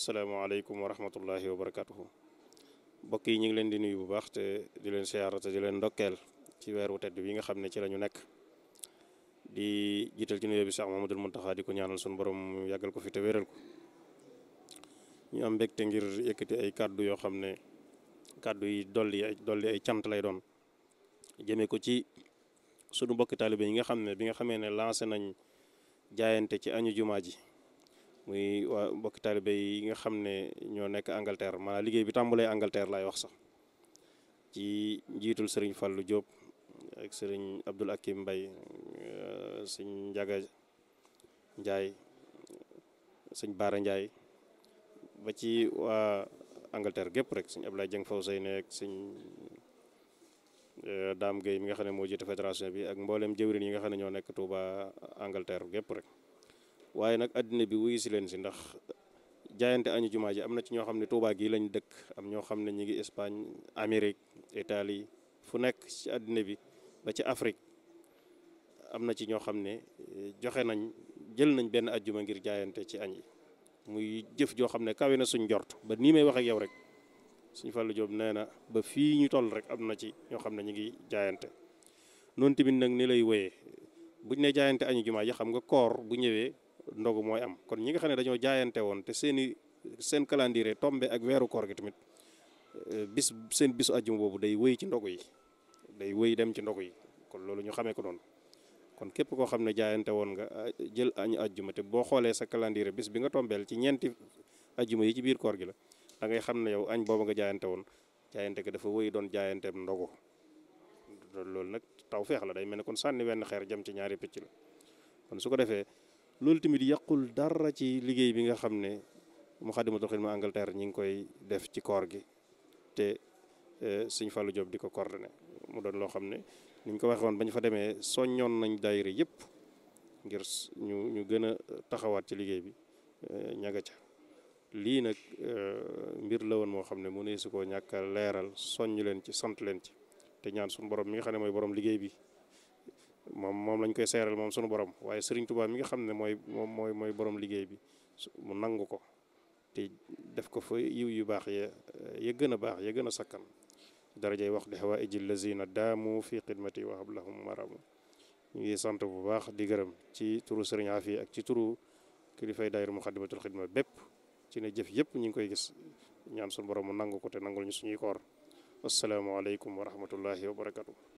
asalaamaaleykum wa rahmatullahi wa barakatuhu mbokk yi ñu ngi leen di nuyu bu baax te di leen siyaara te di leen ndokkeel ci weeru tedd bi nga xam ne ci la ñu nekk di jiital ci nuyoo bi sax Mamadul Muntaxa di ko ñaanal suñu borom yàggal ko fi te wéral ko ñu am mbégte ngir yëkkati ay kàddu yoo xam ne kàddu yi dolli ay cant lay doon jëmee ko ci sunu mbokki taalibe yi nga xam ne bi nga xamee ne lance nañ jaayante ci añu jumaa ji muy waa mbokki taalibe yi nga xam ne ñoo nekk Angleterre maanaam liggéey bi tam tàmbalee Angleterre laay wax sax ci njiitul sëriñ Fallou jóob ak sëriñ Abdoul Akim mbay euh, sëñ Njaga Njaay sëñ Baara Njaay ba ci waa Angleterre gépp rek sëñ Ablaye Dieng Faw say nekk sëñ euh, Dame Gueye mi nga xam ne moo jiite fédération bi ak mboolem jëwrin yi nga xam ne ñoo nekk Touba Angleterre gépp rek waaye nag àddina bi wuyu si leen si ndax jaayante añu jumaa ji am na ci ñoo xam ne Touba gii lañu dëkk am ñoo xam ne ñu ngi Espagne Amérique Italie fu nekk ci àddina bi ba ci Afrique am na ci ñoo xam ne eh, joxe nañ jël nañ benn ajjuma ngir jaayante ci añ yi muy jëf joo xam ne kawe na suñ jort ba nii may wax ak yow rek suñ Fallou Diop nee na ba fii ñu toll rek am na ci ñoo xam ne ñu ngi jaayante noonu tamit nag ni lay wéyee buñ ne jaayante añu jumaa ji xam nga koor bu ñëwee ndogu mooy am kon ñi nga xam ne dañoo jaayante woon te seeni seen calendrier tombé ak weeru koor gi tamit euh, bis seen bisu ajjuma boobu day wéy ci ndogu yi day wéy dem ci ndogu yi kon loolu ñu xamee ko noonu kon képp koo xam ne jaayante woon nga ah, jël añu ajjuma boo xoolee sa calendrier bis bi nga tombeel ci ñeenti ajjuma yi ci biir koor gi la da ngay xam ne yow añ booba nga jaayante woon jaayante ko dafa woy doon jaayanteem ndogu loolu nag taw feex la day mel ne kon sànni wenn xeer jëm ci ñaari picc la kon su ko defee loolu tamit yàqul dara ci liggéey bi nga xam ne mu Khidma Angleterre ñi ngi koy def ci koor gi te euh, Sëñ falu Diop di ko coordonné mu doon loo xam ne ni ko waxee woon fa demee soññoon nañ daayira yëpp ngir ñu ñu gën a taxawaat ci liggéey bi euh, ñaga ca lii nag euh, mbir la woon moo xam ne mu ne su koo ñàkk a leeral soññ leen ci sant leen ci te ñaan suñu borom mi nga xam ne mooy borom liggéey bi moom moom lañ koy seeral moom sunu borom waaye sëriñ Touba mi nga xam ne mooy moom mooy mooy borom liggéey bi mu nangu ko te def ko fa yiw yu baax ya ya gën a baax ya gën a sakkan darajay wax di hawaaiji lazina daamu fi xidmati wa hablahum maramu ñu ngi sant bu baax di gërëm ci turu Serigne Afi ak ci turu kilifay daayira Muxaddamatul Xidma bépp ci ne jëf yëpp ñu ngi koy gis ñaan sunu borom mu nangu ko te nangul ñu suñuy koor asalaamaaleykum wa rahmatullahi wa barakatu